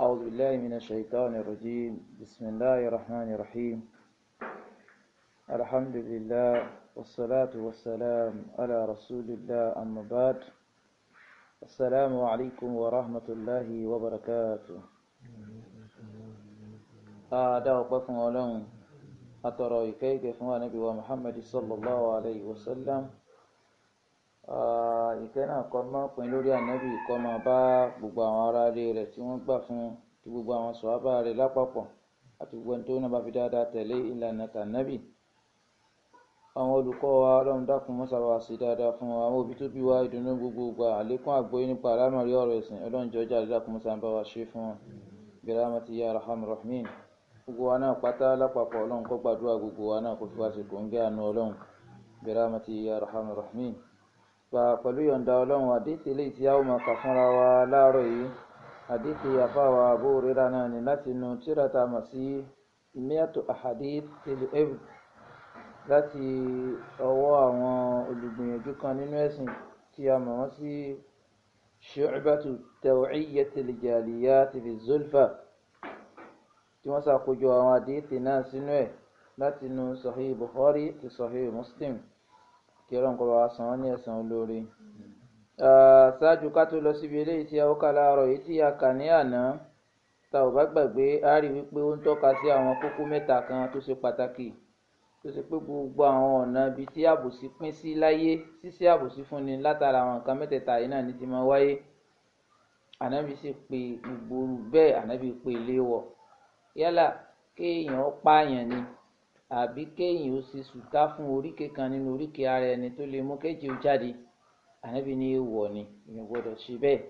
أعوذ بالله من الشيطان الرجيم بسم الله الرحمن الرحيم الحمد لله والصلاة والسلام على رسول الله أما بعد السلام عليكم ورحمة الله وبركاته هذا وقفنا لهم أترى كيف نبي محمد صلى الله عليه وسلم ìkẹ́ náà kọ́ máa pín lórí ànábì kọ́ máa bá gbogbo àwọn ará ilé rẹ̀ tí wọ́n gbà fún ti gbogbo àwọn sọ̀hábà rẹ̀ lápapọ̀ àti gbogbo ẹni tó náà bá fi dáadáa tẹ̀lé ìlànà tànábì àwọn olùkọ́ wa ọlọ́run dákun mọ́ sábà sí dáadáa fún wa àwọn òbí tó bí wa ìdùnnú gbogbogbò àlékún àgbóyé nípa alámọ̀rí ọ̀rọ̀ ẹ̀sìn ọlọ́run jọjá àdídàkùn mọ́ sábà wa ṣe fún wa bẹ̀rẹ̀ àwọn ti yá rahmin gbogbo wa náà pátá lápapọ̀ ọlọ́run kó gbàdúrà gbogbo wa náà kó fi wá sí kòńgẹ́ rahmin gbà pẹ̀lú yọ̀ǹda ọlọ́run àdìsí eléyìí tí a ó máa kà fúnra wa láàárọ̀ yìí àdìsí àfáwà Abu Hurairah náà ní láti nu tírà tá a mọ̀ sí miatu ahadith tẹ̀lé ẹ̀bù láti ọwọ́ àwọn olùgbìyànjú kan nínú ẹ̀sìn tí a mọ̀ wọ́n sí ṣùgbọ́n taw'iyyatil jaliyati fi zulfa tí wọ́n ṣàkójọ àwọn àdìsí náà sínú ẹ̀ láti nu sahih Bukhari àti sahih Muslim kí ọlọ́run kó bá wa san wọ́n ní ẹ̀san olóore. ṣáájú ká tó lọ síbi eléyìí tí a ó kà láàárọ̀ èyí tí a kà ní àná tá ò bá gbàgbé a rí wípé ó ń tọ́ka sí àwọn kókó mẹ́ta kan tó ṣe pàtàkì tó ṣe pé gbogbo àwọn ọ̀nà ibi tí àbòsí pín sí láyé ṣíṣe àbòsí fún látara àwọn nǹkan mẹ́tẹ̀ẹ̀ta yìí náà ní ti máa wáyé ànábì sì pé gbogbo bẹ́ẹ̀ ànábì pé léèwọ̀ yálà kéèyàn pààyàn ni àbí kéèyàn ó ṣe sùtá fún oríkè kan nínú oríkè ara ẹni tó lè mú kéjì ó jáde ànábì ní èèwọ̀ ni èèyàn gbọ́dọ̀ ṣe bẹ́ẹ̀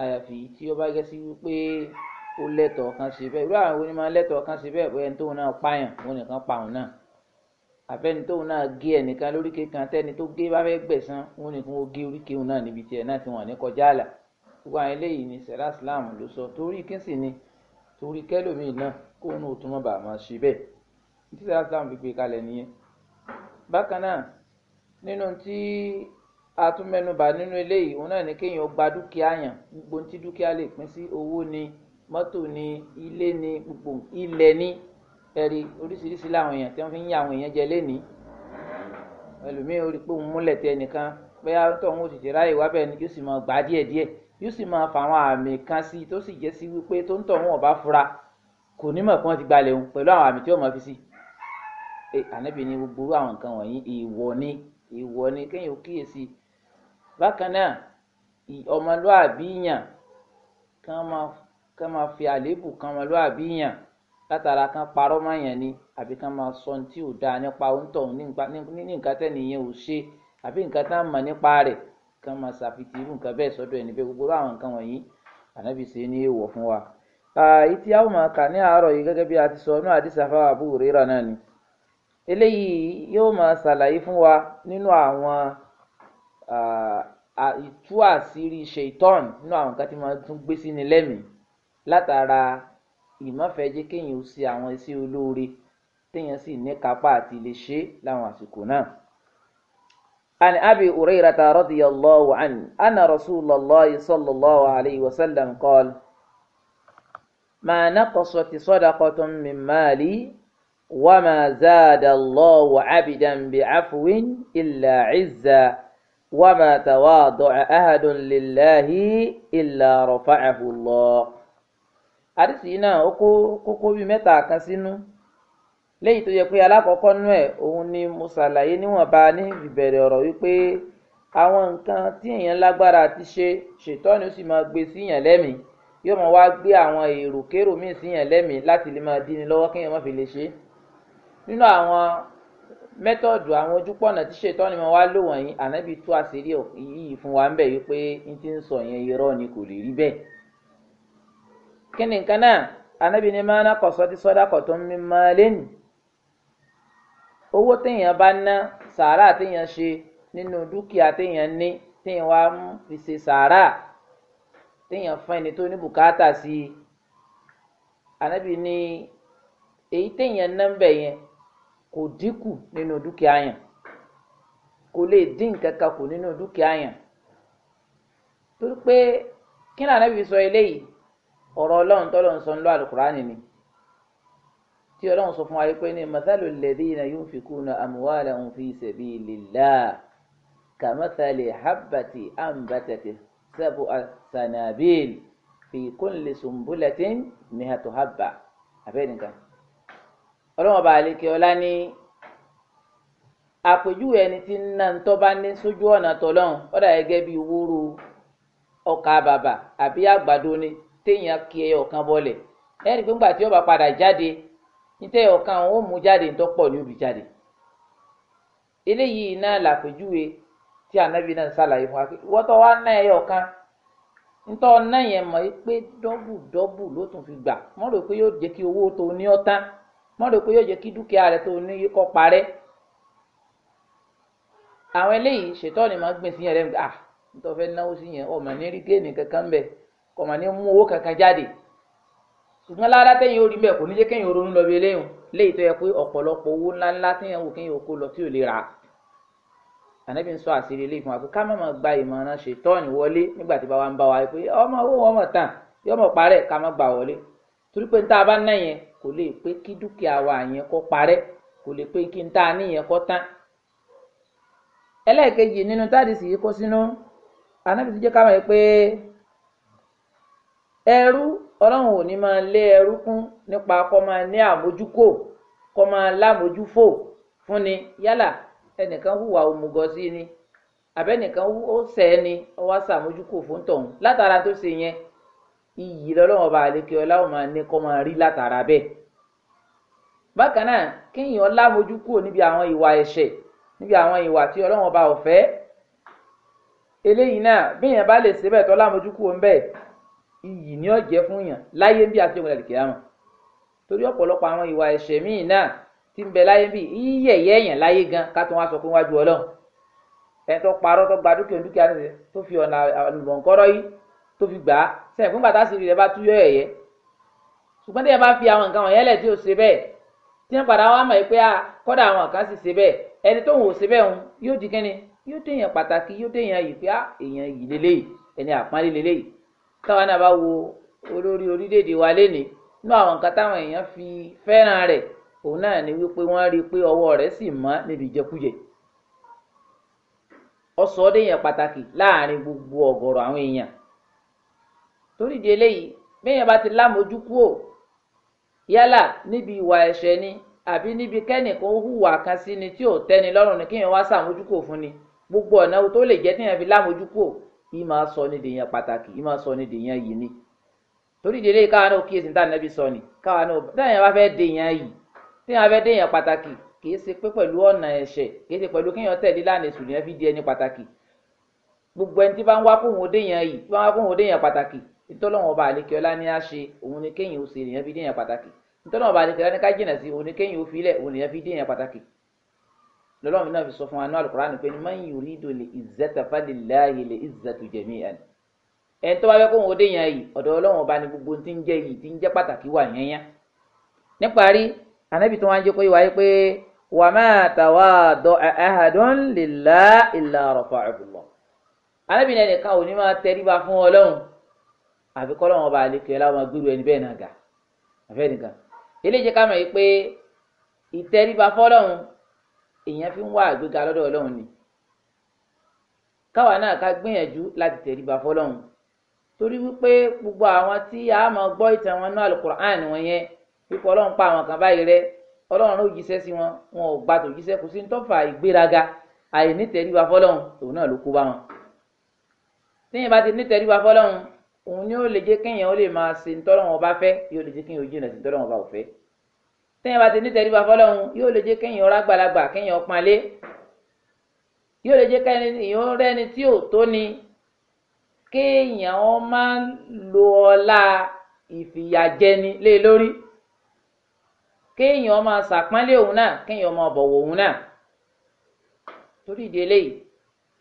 àyàfi tí ó bá gẹ́ sí wípé ó lẹ́tọ̀ọ́ kan ṣe bẹ́ẹ̀ irú àwọn onímọ̀ lẹ́tọ̀ọ́ kan ṣe bẹ́ẹ̀ bóyá ẹni tóun náà pààyàn wọn nìkan pa òun náà àbẹ́ni tóun náà gé ẹnìkan lóríkè kan tẹ́ni tó gé bá fẹ́ gbẹ̀san wọn nìkan ó gé oríkè òun náà níbi tiẹ̀ náà tí wọ́n ní kọjá àlà gbogbo àwọn eléyìí ni sẹ́rà islam ló sọ torí kí sì ni torí kẹ́lòmíì náà kóun náà ó tún mọ́ bàá máa ṣe bẹ́ẹ̀ tí sẹ́yà islam fi gbé kalẹ̀ nìyẹn bákan náà nínú tí a tún mẹ́nubà nínú eléyìí òun náà ní kéèyàn gba dúkìá yàn gbogbo tí dúkìá lè pín sí owó ni mọ́tò ni ilé ni gbogbo ilẹ̀ ni ẹ̀rí oríṣiríṣi làwọn èèyàn tí wọ́n fi ń yà àwọn èèyàn jẹ lénìí ẹlòmíín ó rí pé òun múlẹ̀ tẹ ẹnìkan bóyá tóun ó sì ti ráyè wábẹ̀ ni yóò sì máa gbà á díẹ̀díẹ̀ yóò sì máa fa àwọn àmì kan sí i tó sì jẹ́ sí wípé tó ń tọ̀ wọn ò fura kò ní mọ̀ pé wọ́n ti gbalẹ̀ òun pẹ̀lú àwọn àmì tí wọ́n máa fi sí i ànábì ní gbogbo àwọn nǹkan wọ̀nyí ìwọ ni ìwọ ni kéèyàn kíyèsí bákan náà ọmọlúàbí yàn kán máa fi àléébù kan ọmọlúàbí yàn látara kan parọ́ mọ́yàn ni àbí kán máa sọ ohun tí ò dáa nípa òǹtọ̀ ní nǹkan tẹ́nìyẹn ò ṣe àbí nǹkan tá à ń mọ̀ nípa rẹ̀ kán máa ṣàfihàn irú nǹkan bẹ́ẹ̀ sọ́dọ̀ ẹni pé gbogbo àwọn nǹkan wọ̀nyí ànábì ṣe ní èèwọ̀ fún wa. ìtí àwọn ọmọ kà ní àárọ̀ yìí gẹ́gẹ́ bí a ti sọ inú àdìsá àbúrò rírà náà ni eléyìí yóò máa ṣàlàyé fún wa nínú àwọn ìtú àṣírí ṣèitán nínú àwọn nǹkan tí máa tún gbé sí ni lẹ́mìí látara ìmọ̀fẹ́jẹ́ kéèyàn ó ṣe àwọn iṣẹ́ olóore téèyàn sì ní kápá àti lè ṣe láwọn àsìkò náà. عن أبي هريرة رضي الله عنه أن رسول الله صلى الله عليه وسلم قال ما نقصت صدقة من مالي وما زاد الله عبدا بعفو إلا عزا وما تواضع أحد لله إلا رفعه الله àdìsí náà ó kó kókó bíi mẹ́ta kan sínú léyìí tó yẹ pé alákọ̀ọ́kọ́ nú ẹ̀ òun ni mo ṣàlàyé níwọ̀nba ní ìbẹ̀rẹ̀ ọ̀rọ̀ wípé àwọn nǹkan tí èèyàn lágbára ti ṣe ṣètọ́ni ó sì máa gbé síyàn lẹ́mìí yóò máa wá gbé àwọn èrò kérò míì síyàn lẹ́mìí láti lè máa dín ní lọ́wọ́ kéèyàn má fi lè ṣe é nínú àwọn mẹ́tọ̀dù àwọn ojúpọ̀nà tí ṣètọ́ni mọ́ wá lò wọ̀nyí ànábì tú àṣírí yìí fún wa ń bẹ̀ yìí pé n ti ń sọ yẹn irọ́ ni kò lè rí bẹ́ẹ̀. kí ni nǹkan náà ànábì ní máa ná kọ̀sọ́ tí sọ́dá kọ̀ tó ń mi máa lẹ́nu. owó téèyàn bá ná sàárà téèyàn ṣe nínú dúkìá téèyàn ní téèyàn wá fi ṣe sàárà téèyàn fún ẹni tó ní bùkátà sí i ànábì èyí téèyàn ná ń bẹ̀ yẹn kò dínkù nínú dúkìá yẹn kò lè dín nǹkan kan kù nínú dúkìá yẹn torí pé kí ni ànábì sọ eléyìí ọ̀rọ̀ ọlọ́run tọ́lọ́ ń sọ ńlọ àlùkùránì ni tí ọlọ́run sọ fún wa pé ní mathalu alladhina yunfikuna amwalahum fi sabilillah kamathali habbati anbatati sab'a sanabil fi kulli sumbulatin mihatu habba abẹ́nìkan. ọlọ́wọ́n bá àlekè ọlá ní àpèjúwe ẹni tí ń ná ntọ́ bá ní sójú ọ̀nà tọ́lọ́hún ọ̀dà gẹ́gẹ́ bíi wóró ọkà bàbà àbí àgbàdo ni téèyàn kí ẹyọ kan bọ́lẹ̀ ẹni pé ńgbà tí ó padà jáde níta ẹyọ kan ó mú jáde ń pọ̀ ní òbí jáde eléyìí náà làpèjúwe tí ànábì náà ṣàlàyé fún wa pé wọ́n tọ́ wá ná ẹyọ kan ntọ́ ná yẹn mọ̀ pé dọ́bù dọ́bù ló tún fi gbà wọ́n rò pé yóò jẹ́ kí owó tó ní ọ̀tán mọ́ rò pé yóò jẹ́ kí dúkìá rẹ tó ní kọ́ parẹ́ àwọn eléyìí ṣètọ́ni máa gbìn sí yẹn rẹ ah nítorí fẹ́ náwó sí yẹn ọmọ ní rí géènì kankan bẹ̀ ọmọ ní mú owó kankan jáde ṣùgbọ́n lára tẹ́yìn orí bẹ́ẹ̀ kò ní jẹ́ kéèyàn ronú lọ bí eléyìí léyìí tó yẹ pé ọ̀pọ̀lọpọ̀ owó ńláńlá téèyàn wò lọ tí ò lè rà ànábì ń sọ àṣírí ilé ìfún wa pé ká má máa gba ìmọ̀ràn wọlé nígbà tí ń bá wa pé ọmọ owó kò lè pé kí dúkìá wa yẹn kó parẹ́ kò lè pé kí n tá a níyẹn kó tán ẹlẹ́ẹ̀kejì nínú tádìsì yìí kó sínú anábì tó jẹ́ ká mọ̀ pé ẹrú ọlọ́run ò ní máa lé ẹrú kún nípa kó máa ní àmójúkò kó máa lámójúfò fún ni yálà ẹnìkan hùwà òmùgọ̀ sí ni àbẹ́nìkan ó sẹ́ẹ̀ ni ó wá sàmójúkò fún tọ̀hún látara tó ṣe yẹn iyì lọ́lọ́wọ́n bá àlékè ọlá ò máa ní kọ́ máa rí látara bẹ́ẹ̀. bákan náà kéèyàn lámojú kúrò níbi àwọn ìwà ẹ̀ṣẹ̀ níbi àwọn ìwà tí ọlọ́wọ́n bá ọ̀fẹ́ eléyìí náà béèyàn bá lè ṣe bẹ́ẹ̀ tó lámojú kúrò ń bẹ́ẹ̀ iyì ni ó jẹ́ fún yàn láyé bí àti ìwọ̀n àlèkè àmọ́ torí ọ̀pọ̀lọpọ̀ àwọn ìwà ẹ̀ṣẹ̀ míì náà ti ń bẹ láyé bí yíyẹ̀yẹ́ èèyàn láyé gan ká tó wá sọ pé wájú ọlọ́run ẹni tó parọ́ tó gba dúkìá dúkìá tó fi ọ̀nà àlùmọ̀ǹkọ́rọ́ tó fi gbà á sẹ́yìn fún bàtà síbi rẹ̀ bá tú yọ ẹ̀yẹ ṣùgbọ́n tí ẹ bá fi àwọn nǹkan wọ̀nyẹn lẹ̀ tí ò ṣe bẹ́ẹ̀ tí wọ́n padà wá mọ̀ pé a kọ́dà àwọn kan sì ṣe bẹ́ẹ̀ ẹni tó ń wò ṣe bẹ́ẹ̀ ń yóò di kẹ́ni yóò déèyàn pàtàkì yóò déèyàn yìí pé èèyàn yìí lélẹ́yìí ẹni àpọ́nlé lélẹ́yìí táwọn náà bá wo olórí orílẹ̀-èdè wa lénìí nínú àwọn nǹkan táwọn èèyàn fi fẹ́ràn rẹ̀ òun náà ni wípé wọ́n rí i pé ọwọ́ rẹ̀ sì mọ́ níbi ìjẹkújẹ ọ̀sọ́ déèyàn pàtàkì láàrin gbogbo ọ̀gọ̀rọ̀ àwọn èèyàn torí ìdí eléyìí béèyàn bá ti lámojú kúò yálà níbi ìwà ẹ̀ṣẹ̀ ni àbí níbi kẹ́nìkan hùwà kan sí ni tí ò tẹ́ni lọ́rùn ni kéèyàn wá sàmójú kúò fún ni gbogbo ọ̀nà tó lè jẹ́ téèyàn fi lámojú kúò yìí máa sọ ní dèèyàn pàtàkì yìí máa sọ ní dèèyàn yìí ni torí ìdí eléyìí káwa náà kíyèsí níta nẹ́bí sọ ni káwa náà téèyàn bá fẹ́ dèèyàn yìí téèyàn fẹ́ dèèyàn pàtàkì kì í ṣe pé pẹ̀lú ọ̀nà ẹ̀ṣẹ̀ kì í ṣe pẹ̀lú kéèyàn tẹ̀lé lánàá èṣù fi di ẹni pàtàkì gbogbo ẹni tí bá ń wá kóhun òdèèyàn yìí tí bá ń wá kóhun òdèèyàn pàtàkì ntọ́lọ́wọ́n ọba àlekẹ́ọ́lá ní á ṣe òun ni kéèyàn ó ṣe ènìyàn fi déyàn pàtàkì ntọ́lọ́wọ́n ọba àlekẹ́ọ́lá ní ká jìnà sí òun ni kéèyàn ó filẹ̀ òun ènìyàn fi déyàn pàtàkì lọ́lọ́run náà fi sọ fún wa ní Al-Qur'an pé ní man yuridu al-izzata falillahi al-izzatu jami'an ẹ̀ tó bá fẹ́ kóhun ó déyàn yìí ọ̀dọ̀ Ọlọ́run ọba ni gbogbo ti ń jẹ́ yìí ti ń jẹ́ pàtàkì wà yẹnyẹn níparí Ànábì tó wáá ń jẹ́ kó wáyé pé wa ma tawadu'a ahadun lillahi illa rafa'ahu Allah Ànábì náà nìkan ò ní máa tẹríba fún Ọlọ́run àfi kọ́ lọ́wọ́ bá alẹ́ kẹ́lá ọmọ gbúrú ẹni bẹ́ẹ̀ náà gà àfẹ́ nìkan eléyìí jẹ́ ká mọ̀ yìí pé ìtẹríba fọlọ́run èèyàn fi ń wá àgbéga lọ́dọ̀ ọlọ́run ni káwa náà ká gbìyànjú láti tẹríba fọlọ́run torí wípé gbogbo àwọn tí a máa gbọ́ ìtàn wọn náà alukur'an wọn yẹn wípé ọlọ́run pa àwọn kan báyìí rẹ ọlọ́run ló jíṣẹ́ sí wọn wọn ò gbà tó jíṣẹ́ kò sí ní tọ́fà ìgbéraga àìní tẹríba fọlọ́run òun náà ló kó bá wọn tíyẹn bá ti ní tẹríba òun ni ó lè jẹ́ kéèyàn ó lè máa ṣe ntọ́lọ́wọ́n bá fẹ́ yóò lè jẹ́ kéèyàn ó jìnà sí ntọ́lọ́wọ́n bá ò fẹ́ téèyàn bá ti ní tẹríba fọlọ́run yóò lè jẹ́ kéèyàn ó rágbàlagbà kéèyàn ó panlé yóò lè jẹ́ kéèyàn ó rẹ́ni tí ò tó ni kéèyàn ó máa lo ọlá ìfìyàjẹni lé lórí kéèyàn ó máa ṣàpọ́nlé òun náà kéèyàn ó máa bọ̀wọ̀ òun náà torí ìdí eléyìí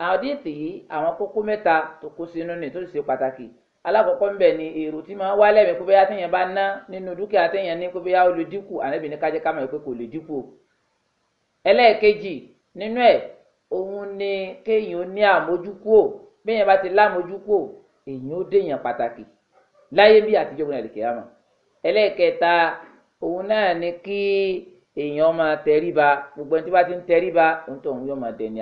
àwọn díìtì yìí àwọn kókó mẹ́ta tó kó sínú ni tó sì ṣe pàtàkì alákọ̀ọ́kọ́ ńbẹ̀ ni èrò tí máa ń wá lẹ́mìí kóbẹ́yà téèyàn bá ná nínú dúkìá téèyàn ní kóbẹ́yà ó lè dínkù ànábì ní kájẹ́ kámọ̀ pé kò lè dínkù o ẹlẹ́ẹ̀kejì nínú ẹ̀ òun ni kéèyàn ní àmójúkúò béèyàn bá ti lámójúkúò èyàn ó déèyàn pàtàkì láyé bí àtijọ́ gbọ́n àlèkè àmọ́ ẹlẹ́ẹ̀kẹta òun náà ni kí èèyàn máa tẹríba gbogbo ẹni ti ń tẹríba òun tó òun yóò máa dẹni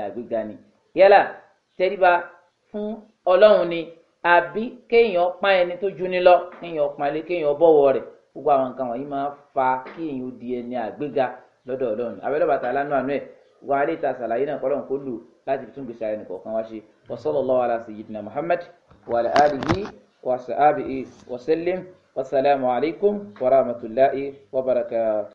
fún ọlọ́run ni àbí kéèyàn pán ẹni tó juni lọ kéèyàn pánlé kéèyàn bọ̀wọ̀ rẹ̀ gbogbo àwọn nǹkan wọ̀nyí máa fa kéèyàn di ẹni àgbéga lọ́dọ̀ Ọlọ́run abẹlẹbàtà alánú àánú ẹ wà á lè ta sàlàyé náà kọlọrun kó lù láti fi tún gbèsè ara ẹnì kọ̀ọ̀kan wá ṣe wa sallallahu Muhammad wa alihi wa sahbihi wasalaamu alaykum wa rahmatulahi wa barakatuh.